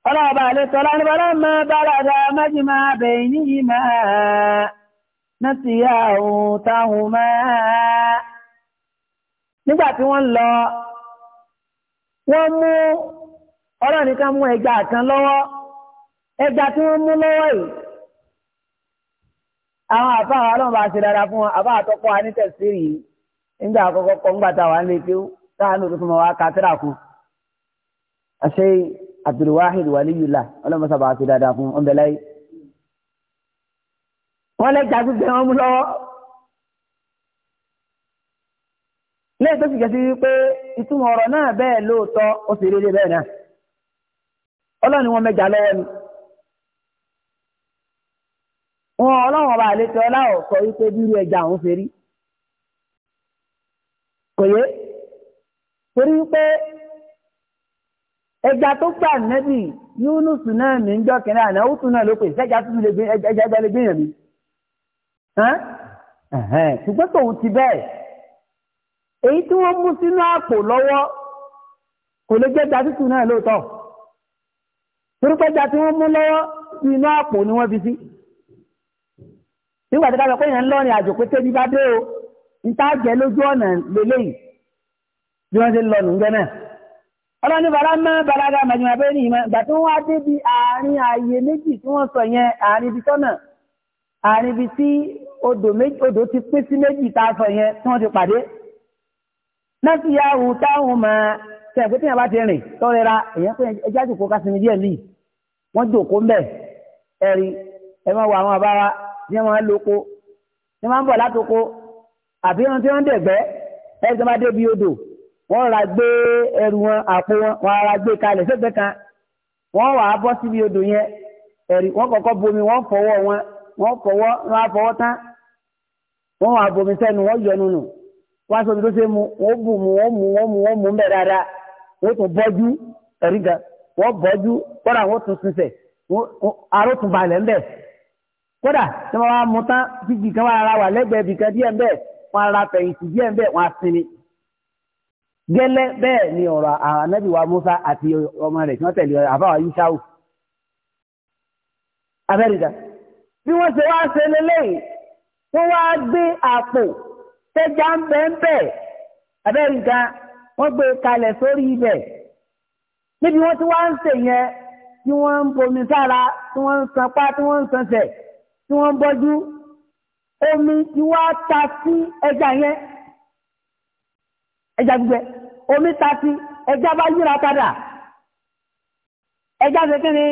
ọlọ́ọ̀bà àlẹ́tọ́ lánàbàlá máa báradà méjì bẹ̀yìn yìí máa náà ti yá òun táwọn máa nígbà tí wọ́n lọ wọ́n mú ọlọ́run nìkan mú ẹja kan lọ́wọ́ ẹja tí wọ́n mú lọ́wọ́ yìí àwọn àfa àwọn ọlọ́run bá ṣe dára fún wọn àfa àtọ́kọ́ wa ní tẹ̀síìrì yìí nígbà àkọ́kọ́ kọ́ ńgbà tá a wà ń lè tó táwọn olùkọ́ mọ̀ wá ka tíra kù àṣẹ Abdulwahid Waliyula ọlọ́run sábà ṣe dáadáa fún ọ̀nbẹ̀láyé wọ́n lẹ́jà gbígbẹ́ wọn mú lọ́wọ́. lẹ́yìn tó sì jẹ́ wípé ìtumọ̀ ọ̀rọ̀ náà bẹ́ẹ̀ lóòótọ́ ó sì rí bẹ́ẹ̀ náà wọn ni wọn ọlọ́run ọba àlejò ọláwọ̀ sọ wípé bírú ẹja òun ṣe rí kò yé torí wípé ẹja tó gbà nẹ́bì Yunus náà ní jọ́ kẹ́rẹ́ àná ó náà ló pè sẹ́jà tó lè ti bẹ́ẹ̀. èyí tí wọ́n mú sínú àpò lọ́wọ́ kò lè jẹ́ ẹja tútù náà lóòótọ́ torípé ẹja tí wọ́n mú lọ́wọ́ inú àpò ni wọ́n fi sí nígbà tí ká lọ pé èèyàn ń lọ́rin àjò pé tẹ́bí bá dé o ń tá jẹ́ lójú ọ̀nà lélẹ́yìí bí wọ́n ti lọ nùgbẹ́ náà ọlọ́ni bàrá mọ́ balaga màjúmọ́ abẹ́ ní ìmọ̀ ìgbà tí wọ́n á dé bí àárín ààyè méjì tí wọ́n sọ yẹn àárín ibi tọ́nà àárín ibi tí odò ti pín sí méjì tá a sọ yẹn tí wọ́n ti pàdé náàtì ya hù táwọn mọ̀ sẹ́yìn pé tíyẹn bá ti rìn tọ́rẹ́ra èyàn pé ẹjá jòkó ká sinmi díẹ̀ níyì wọ́n jòkó ńbẹ̀ ẹ̀rí ẹ máa wọ àwọn àbára ní wọn lóko ní wọn bọ̀ látoko àbí wọn tí wọn dẹ̀gbẹ́ ẹ̀rí tó bá débi odò wọ́n ra gbé ẹrù wọn àpò wọn wọ́n ra gbé kalẹ̀ sẹ́gbẹ́ kan wọ́n wàá bọ́ síbi odò yẹn ẹ̀rí wọ́n kọ́kọ́ bomi wọ́n fọwọ́ wọn wọ́n fọwọ́ wọn á tán wọ́n wàá bomi sẹ́nu wọ́n yọ ẹnu wá sọ tó ṣe mu wọ́n bù mu wọ́n mu wọ́n mu wọ́n mu mbẹ́ dáadáa wọ́n tún bọ́jú ẹ̀rí gan wọ́n bọ́jú kódà wọ́n tún sísẹ̀ aró tún balẹ̀ ńbẹ̀ kódà tí wọ́n wá mu tán bíbí kan wọ́n ara wà lẹ́gbẹ̀ẹ́ bì kan díẹ̀ ńbẹ̀ wọ́n ara fẹ̀yìntì díẹ̀ ńbẹ̀ wọ́n á sinmi. gẹ́lẹ́ bẹ́ẹ̀ ni ọ̀rọ̀ ànábì wa Musa àti ọmọ rẹ̀ tí wọ́n tẹ̀lé àbáwá yíṣáwù abẹ́rìgà bí wọ́n ṣe wá ṣe lélẹ́yìn wọ́n wá gbé àpò tẹ́já ń bẹ́ ń bẹ̀ abẹ́rẹ́ nǹkan wọ́n gbé kalẹ̀ sórí ibẹ̀ níbi wọ́n ti wá ń sè yẹn tí wọ́n ń bomi sára tí wọ́n ń sanpá tí wọ́n ń sansẹ̀ tí wọ́n ń bọ́jú omi tí wọ́n á ta sí ẹja yẹn ẹja gbígbẹ omi ta sí ẹja bá yíra padà ẹja ṣe kí ni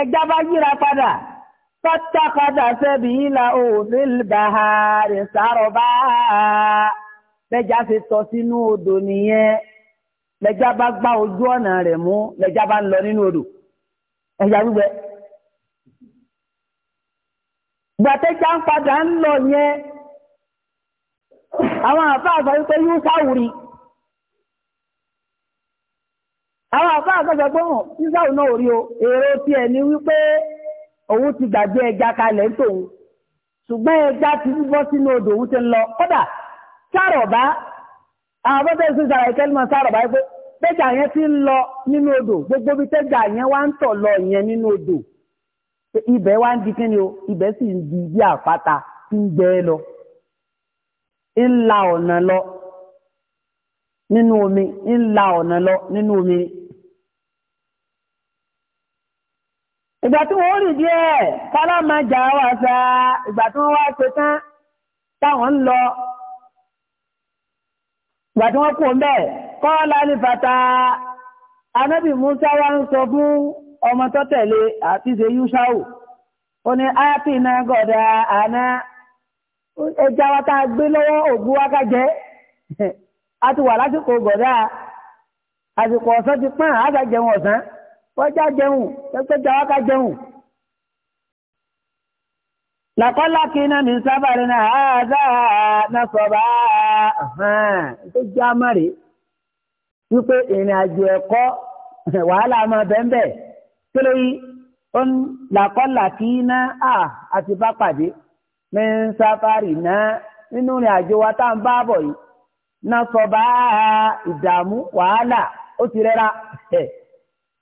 ẹja bá yíra padà. فاتخذ سبيله في البحار سربا lẹ́jà ṣe tọ́ sínú odò nìyẹn lẹ́jà bá gbá ojú ọ̀nà rẹ̀ mú lẹ́jà bá ń lọ nínú odò ń lọ yẹn àwọn àfáà sọ wípé yóò sáwùrì àwọn àfáà sọ pé hàn yóò sáwùrì náà rí o èrò tiẹ̀ ni wípé òun ti gbàgbé ẹja kalẹ̀ ń tòun ṣùgbọ́n ẹja ti ń bọ́ sínú odò òun ti ń lọ kódà sárọ̀bá àwọn bọ́tẹ́ ìṣẹ́ sàrà ìkẹ́lìmọ̀ sárọ̀bá yìí pé tẹ́jà yẹn ti ń lọ nínú odò gbogbo bí tẹ́jà yẹn wá ń tọ̀ lọ yẹn nínú odò ibẹ̀ wá ń di kíni o ibẹ̀ sì ń di bí àpáta tí ń gbẹ lọ ń la ọ̀nà lọ nínú omi ń la ọ̀nà lọ nínú omi ni. ìgbà tí wọ́n rìn díẹ̀ kálámàjà wà sá ìgbà tí wọ́n wá ṣe tán táwọn ń lọ ìgbà tí wọ́n kú ọ̀nbẹ́ kọ́ọ́lá ní fata anábì musa wá ń sọ fún ọmọ tó tẹ̀lé àti ṣe yúṣáù ó ní ápì náà gọ̀dà àná ẹja wa tá a gbé lọ́wọ́ ògbó wa ká jẹ́ *laughs* a ti wà lásìkò gọ̀dà àsìkò ọ̀sán ti pọ́n àádọ́jẹun ọ̀sán kọjá jẹun pẹ́pẹ́ jà wákà jẹun. làkọ́lá kí iná mi sábàrí náà àádá náà sọ̀bà tó jẹ́ àmọ́rè wípé ìrìn àjò ẹ̀kọ́ *laughs* wàhálà máa bẹ́ẹ̀ kí ló yí làkọ́lá kí iná à àti bá pàdé mi sábàrí náà nínú ìrìn àjò wa tá à ń bá bọ̀ yìí náà sọ̀bà ìdààmú wàhálà ó ti rẹ́ra *laughs*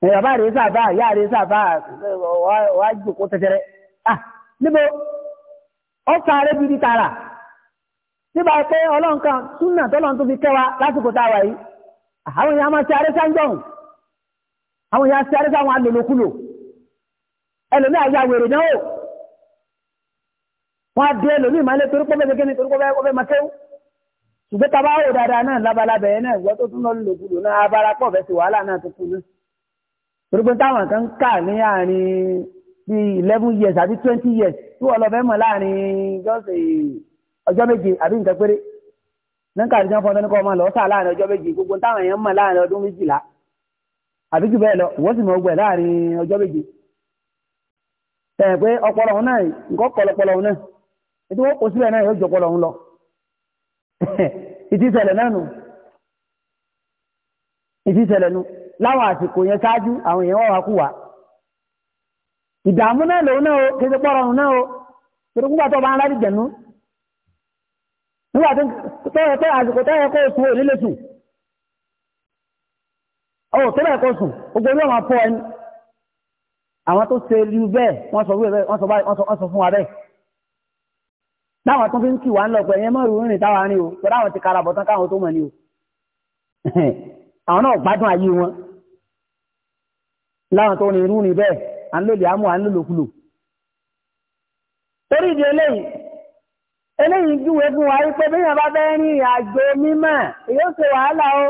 bàbá rẹ̀ sàfà ìyá rẹ̀ sàfà wàá jòkó tẹ́tẹ́rẹ́ ah níbo ọ̀sàrẹ́ bíi tààrà nígbà pé ọlọ́run kan súnà tọ́lọ́run tó fi kẹwa lásìkò tá a wà yìí ah, àwọn èèyàn máa ṣe arẹ́sà ń jọ̀hún àwọn èèyàn ṣe arẹ́sà wọn alòlòkulò ẹlòmíì àyà wèrè náà wọn á dé ẹlòmíì máa lé torípọ́ bẹ́ẹ̀ gẹ́gẹ́ torípọ́ bẹ́ẹ̀ ọbẹ̀ máa kéwú ṣùgbọ́n tá a bá wò dáadáa náà lábalábẹ̀ yẹn náà ìwọ́ tó tún lọ lòkulò náà abara fẹ́ sí wàhálà náà tó kù náà torípé táwọn kan kà ní àárín bí eleven years àbí twenty years tí wọ́n lọ fẹ́ mọ̀ láàrin jọ́sẹ̀ ọjọ́ méje àbí nǹkan péré nígbà tí fọ́n tẹ́ni ọmọ lọ láàrin ọjọ́ méje gbogbo táwọn èèyàn mọ̀ láàrin ọdún méjìlá àbí jù bẹ́ẹ̀ lọ wọ́n sì mọ̀ ọgbẹ́ láàrin ọjọ́ méje tẹ̀ pé ọpọlọ òun náà nǹkan lọ *laughs* ìtì ìṣẹ̀lẹ̀ náà láwọn àsìkò yẹn ṣáájú àwọn èèyàn wà wá kú wa ìdààmú náà lòun náà o kí n ṣe pọ́ ọ̀run náà o torí nígbà tó bá ń rárí jẹ̀nú nígbà tó yẹ pé àsìkò tó yẹ kó o sùn ò nílé sùn ọ̀ tó bẹ̀ kó sùn gbogbo orí ọ̀mà fọ́ ẹni àwọn tó ṣe rí bẹ́ẹ̀ wọ́n sọ wíwẹ̀ wọ́n sọ báyìí wọ́n sọ fún wa bẹ́ẹ̀ táwọn tó fi ń kì wá ń lọ pẹ̀ yẹn mọ́ rìn táwa rìn o pẹ̀lú àwọn ti karabọ̀ tán káwọn tó mọ̀ ni o *laughs* àwọn náà gbádùn ayé wọn láwọn tó ní irú ni bẹ́ẹ̀ à àmú torí ìdí eléyìn eléyìí júwe fún wa wípé bí yàn àjò èyí ó wàhálà o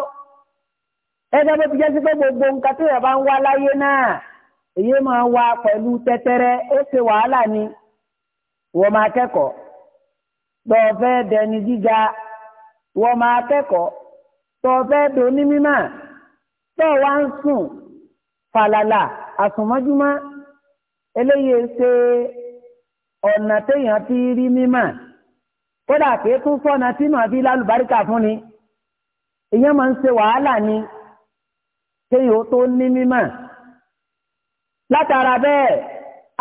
ẹgbẹ́ bó ti jẹ́ sí pé gbogbo nǹkan tí yàn ń wá láyé náà èyí máa wá pẹ̀lú ni wọ́n máa kẹ́kọ̀ọ́ dẹni wọ́n máa kẹ́kọ̀ọ́ falala àsùnmọ́júmọ́ eléyìí ṣe ọ̀nà téèyàn fi rí mímọ̀ kódà pé tún sọ́nà tí màá fi lálùbáríkà fún ni ìyẹn máa ń ṣe wàhálà ni téèyàn ó tó ní mímọ̀ látara bẹ́ẹ̀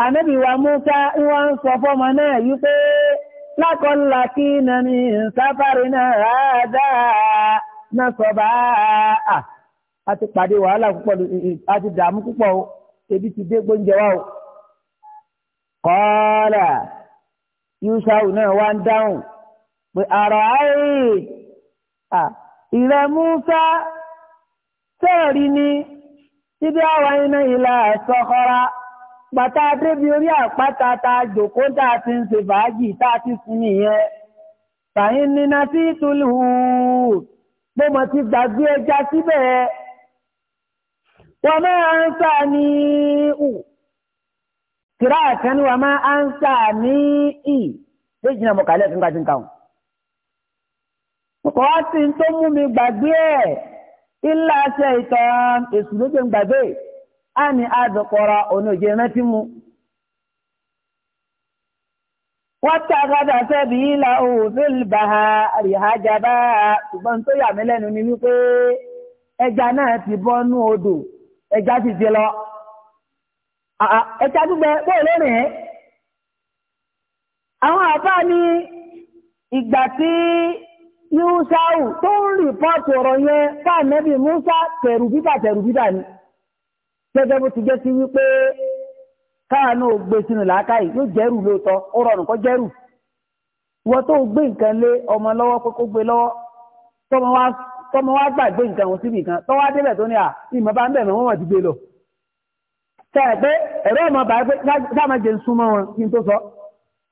ànábì wa Mùsá ń wá ń sọ fọ́mọ náà yí pé lákọ̀ọ́lá kí nani ń sáfárì náà dáa náà sọ bá a a ti pàdé wàhálà púpọ̀ a ti dààmú púpọ̀ o ebi ti dé gbóúnjẹ wa o. kọ́ọ̀là yusau náà wá ń dáhùn pé àrọ̀ ayé ìrẹ̀ musa sẹ́ẹ̀rí ni síbi àwọn iná ìlà sọ́kọ́ra pàtà débi orí àpáta ta jòkó tá a ti ń ṣe fàájì tá a ti fún nìyẹn fàyín nínà sí ìtúlù mo ti gbàgbé ẹja síbẹ̀ وما أنساني قراءة وما أنساني méjì náà mo kà lẹ́ẹ̀kan gbajúmọ̀ káwọn. Ọkọ̀ wá tó mú mi gbàgbé ẹ̀ ilé aṣẹ ìtàn èsù ló ṣe ń gbàgbé á ní àdùkọ̀rọ̀ rántí mu. Wọ́n ilà òfin rìhájàbá ṣùgbọ́n tó yà mí lẹ́nu ni wípé ẹja náà ti bọ́ nú odò ẹja sì ti lọ ẹja gbígbẹ bóyá lónìí ẹ àwọn àbá ní ìgbà tí yúúsáù tó ń rìpọ́ọ̀tì ọ̀rọ̀ yẹn fáànẹ́bì Musa tẹ̀rùbítà tẹ̀rùbítà ni gẹ́gẹ́ bó ti jẹ́ sí wípé káàánú ògbé sínú làákàyè yóò jẹ́rù lóòótọ́ ó rọrùn kọ́ jẹ́rù wọ́n tó gbé nǹkan lé ọmọ lọ́wọ́ pé kó gbé lọ́wọ́ tọ́mọ wá tọmọ wa gbàgbé nǹkan òun síbì kan tọwọ́ adébẹ̀ tó ní à ìmọ̀ bá ń bẹ̀ mọ́ wọn ti gbé lọ. tẹ ẹ pé ẹ̀rọ ọmọ bàá pé sáàmà jẹ ń súnmọ́ wọn kí n tó sọ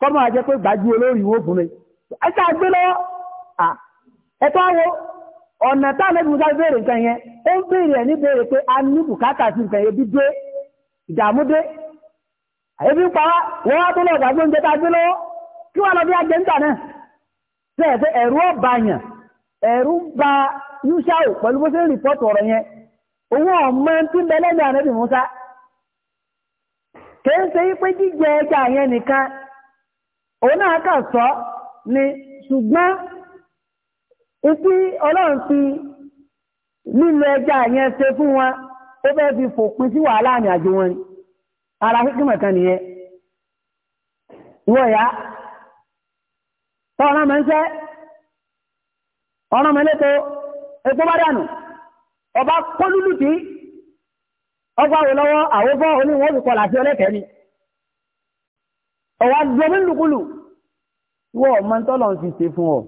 kọ́mọ àjẹ pé gbàjú olórí wo fún mi. ẹ ṣáà gbé lọ́wọ́ à ẹ tó wo ọ̀nà tá àlejò musa béèrè nǹkan yẹn ó ń béèrè ẹ̀ ní béèrè pé a ní bùkátà sí nǹkan ebi dé ìdààmú dé ebi ń pa wá wọ́n wá tó lọ tá a gbé lọ́wọ́ kí wọ́n lọ bí ajẹ́ ń ẹ̀rú ba yúṣàù pẹ̀lú bó ṣe ń rìpọ́tù ọ̀rọ̀ yẹn owó ọmọ tí ń bẹ lẹ́gbẹ̀ẹ́ ànábì Musa kìí ṣe pé jíjẹ ẹja yẹn nìkan òun náà kà sọ ni ṣùgbọ́n ibi ọlọ́run fi lílo ẹja yẹn ṣe fún wọn ó fẹ́ fi fòpin sí wàhálà àmì àjò wọn ni ara kíkìmọ̀ kan nìyẹn ìwọ ìyá tọ́ọ̀rọ̀ máa ń ṣẹ́ ọ̀ràn mẹ́lẹ́tọ́ epo bá dànù ọba kọlùlù tí ọgbà rẹ̀ lọ́wọ́ àwọ́gbọ́ oníwọ̀n olùkọ́ láti ọlẹ́kẹ̀ẹ́ ni ọwà gbọmí lùkulù wọ́n ọmọ tọ́lọ̀ ti ṣe fún ọ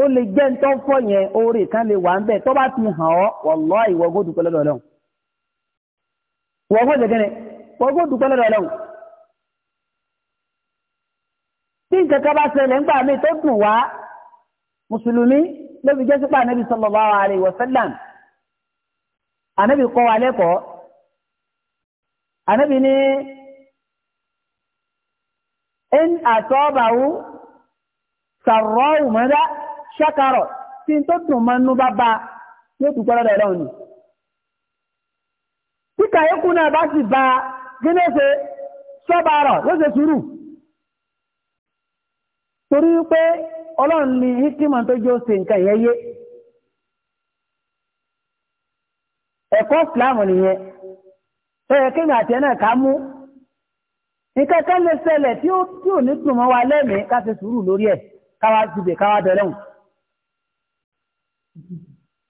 ó lè jẹ́ tọ́ fọ́ yẹn oore kan lè wà ń bẹ̀ tọ́ bá ti hàn ọ́ wọ̀lọ́ ìwọ́gbó dùpẹ́ lọ́dọ̀ tí nǹkan kan bá ṣẹlẹ̀ ńgbà míì tó dùn wá mùsùlùmí ló fi jẹ́ sípà ànábì sallallahu alaihi wasallam ànábì kọ́ wa lẹ́kọ̀ọ́ ànábì ní in àtọ́bàwú sàrọ́ òmùdá ṣàkàrọ̀ tí n tó dùn mọ́ nú bá bá yóò tún gbọ́dọ̀ ẹ̀rọ ni. tí kàyékù náà bá sì bá gíní ṣe sọ́bàárọ̀ yóò ṣe sùúrù torí pé ọlọ́run ní hikima tó jó ṣe nǹkan yẹn yé ẹ̀kọ́ fìlàmù nìyẹn fẹ́rẹ̀ kí àti ẹ̀ náà ká mú nǹkan kan lè ṣẹlẹ̀ tí ó tí ò ní tùn mọ́ wa lẹ́mìí ká ṣe sùúrù lórí ẹ̀ káwa dùbẹ̀ káwa bẹ̀rẹ̀ hùn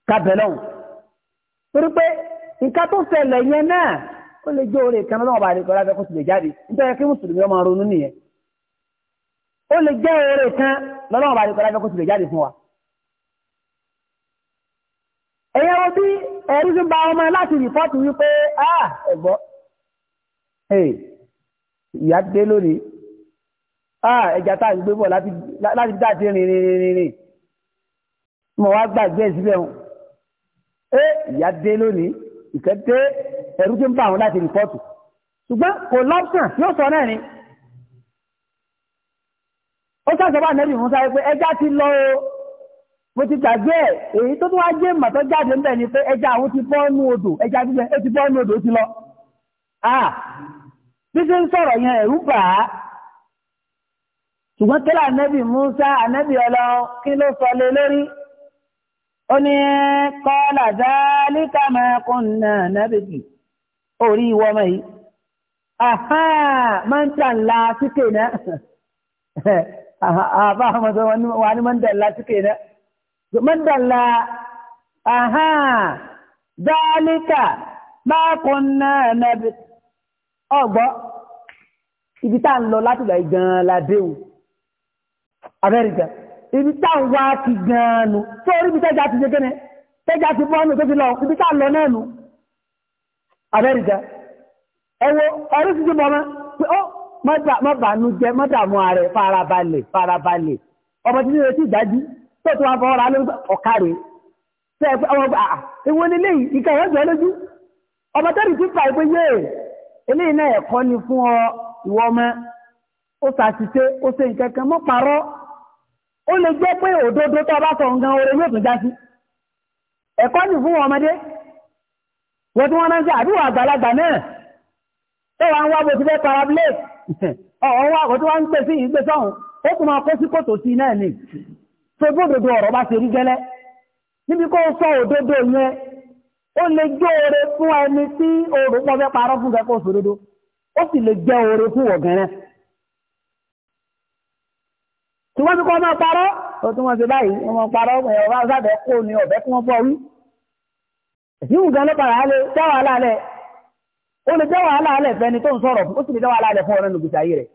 ká bẹ̀rẹ̀ hùn torí pé nǹkan tó ṣẹlẹ̀ yẹn náà ó lè jó orí ìkànnì ọlọ́run bá rí kọ́ lábẹ́ kó ti lè jáde nítorí kí mùsùlùmí ọmọ ronú nìyẹn ó lè jẹ́ eré kan lọ́lọ́run bá nìkan lábẹ́ kó ti lè jáde fún wa. ẹ̀yẹ́ wo bí ẹ̀rí ti ba ọmọ láti rìpọ́ọ̀tì wípé ah, ẹ̀gbọ́ ìyá dé lónìí ah, ẹja tá à ń gbé bọ̀ láti dá sí rìn rìn rìn rìn mo wá gbàgbé ẹ̀ síbẹ̀ wọn. ẹ ìyá dé lónìí ìkẹ́ dé ẹ̀rú ti ń bá àwọn láti rìpọ́ọ̀tì ṣùgbọ́n kò lọ́pṣàn yóò sọ náà ni ó sàṣọ́bà nẹ́bì fún sáré pé ẹja ti lọ o mo ti gbàgbé ẹ̀ èyí tó tún wá jẹ́ màtọ́ jáde ń bẹ̀ ni pé ẹja àwọn ti bọ́ nú odò ẹja gbígbẹ ó ti bọ́ nú odò ó ti lọ. bí ṣe ń sọ̀rọ̀ yẹn ẹ̀rú bà á ṣùgbọ́n tẹ́lẹ̀ ànẹ́bì Musa ànẹ́bì ọlọ kí ló sọ lé lórí ó ní kọ́lá dálíkà máa kún náà nábìkì orí ìwọ ọmọ yìí. máa ń tà ńlá síkè náà. *laughs* a ba hamza wani mandalla suka yi na mandalla aha dalika ma kunna nabi ọgbọ ibi tá ń lọ láti lọ gan ládé o amẹ́ríkà ibi tá ń wá ti gan nu tó orí ibi tẹ́jà ti ṣe kéne tẹ́jà ti bọ́ nù tó ti lọ ibi tá ń lọ náà nu amẹ́ríkà ẹ̀wọ̀ ọ̀rí ti ti bọ̀ mọ́ pé ó mọ́bànújẹ́ mọ́dàmú ààrẹ farabalẹ̀ farabalẹ̀ ọmọ tí nílẹ̀ tí ìdájú tó tó wọn fọwọ́ra ló ọ̀ka rẹ̀ tẹ́ ẹ̀fẹ́ ọmọ gbà ìwọ ni léyìí ìka ìwọ́n jọ lójú ọmọ tẹ́lẹ̀ tí fà pé yé eléyìí náà ẹ̀kọ́ ni fún ọ ìwọ ọmọ ó ṣàṣìṣe ó ṣe nǹkan kan mọ́ parọ́ ó lè jẹ́ pé òdodo tó bá sọ nǹkan oore yóò tún já sí ẹ̀kọ́ ni fún ọmọdé wọ́n tí wọ́n náà ṣe àdúrà àgbàlagbà náà tẹ́wàá ń wá bó ti fẹ́ parablé *laughs* ọ̀hún wá àkọ́tí wá ń gbé sí ìgbé sọ́hun ó kùn máa kó sí kòtò sí náà ni tó bódodo ọ̀rọ̀ bá ṣe rí gẹ́lẹ́ níbi kó sọ òdodo yẹn ó lè jẹ́ oore fún ẹni tí oòrùn pọ̀ fẹ́ parọ́ fún kẹ́kọ̀ọ́ sòdodo ó sì lè jẹ́ oore fún ọ̀gẹ́rẹ́ tí wọ́n ti kọ́ máa parọ́ ó tún wọ́n ṣe báyìí wọ́n máa parọ́ ọ̀rọ̀ sábẹ́ kó ni ọ̀bẹ́ ó lè wàhálà alẹ́ fẹ́ ni tó ń sọ̀rọ̀ ó sì lè dá wàhálà alẹ́ fún ọ̀rẹ́ nùgbèsè ayé rẹ̀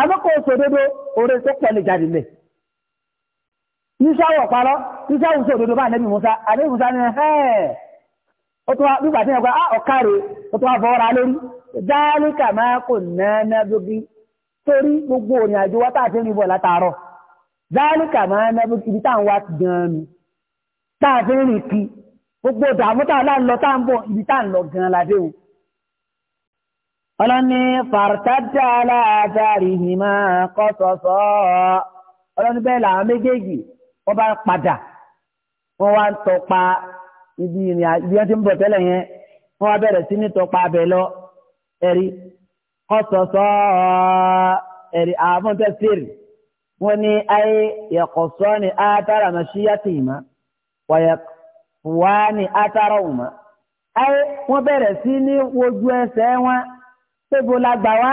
àbẹ́kọ̀ òṣòdodo oore tó pọ̀ jáde lẹ̀ níṣàwọ̀ parọ́ níṣàwọ̀ òṣòdodo bá nẹ́bí Musa Musa ni ẹ̀ ó tó wá tí wọ́n ah, ọ̀ká ó tó gbogbo òrìn àjò wá a bọ̀ látàárọ̀ dáálíkà máa ibi wá gan-an kí gbogbo dààmú lọ ibi lọ gan-an ọlọ́ni fàrtàdà aláàdáàrí ni máa kọ́ sọ́sọ́ ọlọ́ni bẹ́ẹ̀ làwọn méjèèjì wọ́n bá padà wọ́n wá ń tọpa ibi ìrìn àbí wọ́n ti ń bọ̀ tẹ́lẹ̀ yẹn wọ́n wá bẹ̀rẹ̀ sí ní tọpa abẹ lọ ẹ̀rí kọ́ sọ́sọ́ ẹ̀rí àwọn tẹ́sírì wọ́n ní ayé yẹ̀kọ̀sọ́ ni átàrà màṣíyàtì ìmá wọ́yẹ̀wá ni átàrà òmà ayé wọ́n bẹ̀rẹ̀ sí ní wojú ẹsẹ̀ wọn pébo la gbà wá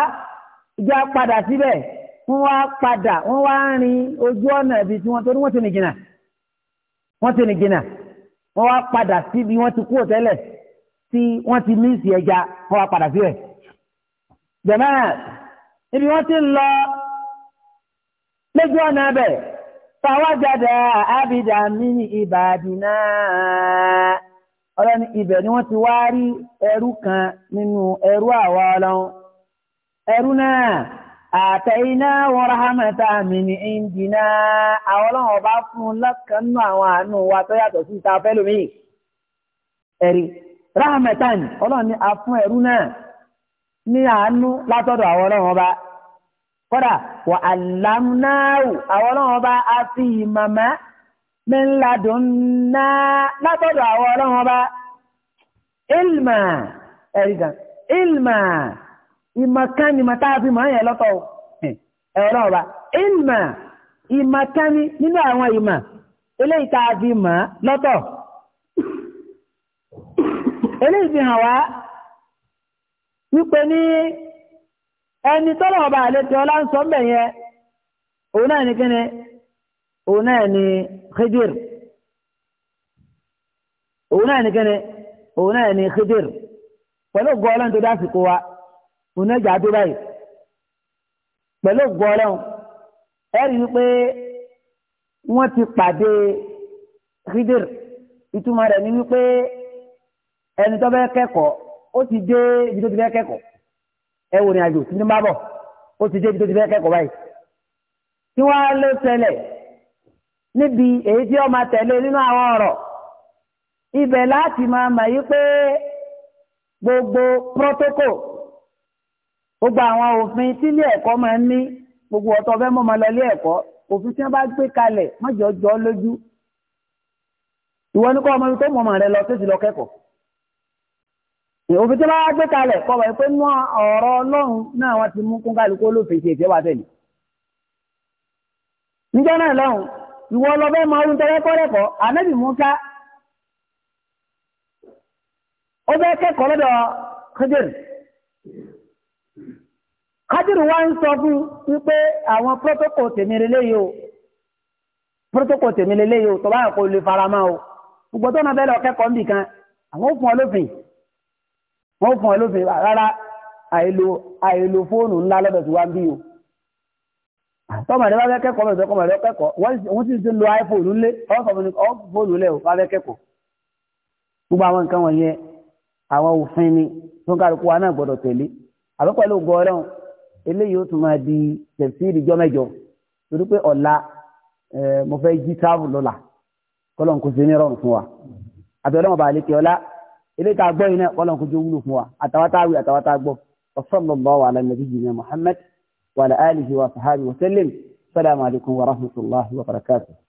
ìjọ padà síbẹ̀ wọ́n wá padà wọ́n wá rin ojú ọ̀nà ibi tí wọ́n torí wọ́n ti ní wọ́n ti ní wọ́n wá padà síbi wọ́n ti kú òtẹ́lẹ̀ tí wọ́n ti mí ìsì ẹja wọ́n wá padà síbẹ̀. jẹ̀mọ́ ibi wọ́n ti ń lọ lójú ọ̀nà ẹbẹ̀ fàwọ́jàdà àbídà mí ìbàdàn ọlọ́ni ibẹ̀ ni wọ́n ti wá rí ẹrú kan nínú ẹrú àwa ọlọ́run ẹrú náà wọn rahamata mi ní ìndínà àwọn ọlọ́run ọba fún lọ́kàn nínú àwọn àánú wa tó yàtọ̀ sí ìta fẹ́ lómi ẹ̀rí rahamata ni ọlọ́run ni a fún ẹrú náà ọba wà á àwọn ọba á fi ìmàmá min ladunna látọ̀dọ̀ àwọn ọlọ́run ọba ilma ẹ̀rígan ilma ìmọ̀kánni mọ̀ tá a fi mọ̀ ọba ilma ìmọ̀kánni nínú àwọn ìmọ̀ eléyìí tá a fi mọ̀ wípé ní ẹni tọ́lọ̀ ọba àlejò ọlá ń sọ yẹn òun náà ní kíni òun náà ni Khidir òun náà ni kíni òun náà ni Khidir pẹ̀lú gọ́ọ̀lọ́n tó dásìkò wa òun náà jà tó báyìí pẹ̀lú gọ́ọ̀lọ́n ẹ rí i ti pàdé Khidir ìtumọ̀ rẹ̀ ni wípé ẹni tó bẹ́ kẹ́kọ̀ọ́ ó ti dé ibi tó ti fẹ́ kẹ́kọ̀ọ́ ẹ wò ní àjò tí ní bá bọ̀ ó ti dé ibi tó ti fẹ́ kẹ́kọ̀ọ́ báyìí tí wọ́n á lé ṣẹlẹ̀ níbi èyí tí ọmọ tẹ̀lé nínú àwọn ọ̀rọ̀ ibẹ̀ láti máa mọ̀ yí pé gbogbo protocol gbogbo àwọn òfin tílé ẹ̀kọ́ máa ń ní gbogbo ọ̀tọ̀ fẹ́ mọ́ ọmọ lọlé ẹ̀kọ́ òfin tí wọ́n bá gbé kalẹ̀ mọ́jọ́ jọ lójú ìwọ ní kọ́ ọmọ ibi tó mọ̀ ọmọ rẹ lọ tó ti òfin tí wọ́n bá gbé kalẹ̀ kọ́ wọ́n pé mú ọ̀rọ̀ ọlọ́run náà wọ́n ti mú kúńkálukú olófin ṣe ìfẹ́ wa náà lọ́hùn ìwọ ọlọ́bẹ́ máa ń tẹ́lẹ̀ kọ́lẹ́kọ́ ànábì Mùsá ó fẹ́ kẹ́kọ̀ọ́ lọ́dọ̀ Khadir Khadir wá ń sọ fún wípé àwọn protocol tèmi lélẹ́yìí o protocol tèmi lélẹ́yìí o tọ́ba àkó lè faramá o gbogbo tó náà bẹ́ẹ̀ lọ kẹ́kọ̀ọ́ nbì kan àwọn ò fún wọ́n fún ọ rárá àìlò fóònù ńlá lọ́dọ̀ tí wá ń bí o tọ́mọ̀ rẹ̀ bá fẹ́ kẹ́kọ̀ọ́ mẹ́sàn kọ́mọ̀ rẹ̀ kẹ́kọ̀ọ́ wọ́n sì ti lo iphone lé ọ́fọ́fọ́nù lẹ́ òfà fẹ́ kẹ́kọ̀ọ́ gbogbo àwọn nǹkan wọ̀nyẹn àwọn òfin ni tó ń kálukú wa náà gbọ́dọ̀ tẹ̀lé àbí pẹ̀lú gọ́ọ̀rọ̀n eléyìí ó tún máa di tẹ̀síìrì jọ́ mẹ́jọ torí pé ọ̀la mo fẹ́ jí táàbù lọ́la kọ́lọ́n kò sí ní rọrùn fún wa àbẹ̀rẹ̀ wọn bá lè kí ọlá eléyìí tá a gbọ́ yìí náà kọ́lọ́n kò jó wúlò fún wa àtàwọn tá a wí àtàwọn tá a gbọ́ wa sallallahu ala nabiyyina Muhammad وعلى آله وصحابه وسلم السلام عليكم ورحمة الله وبركاته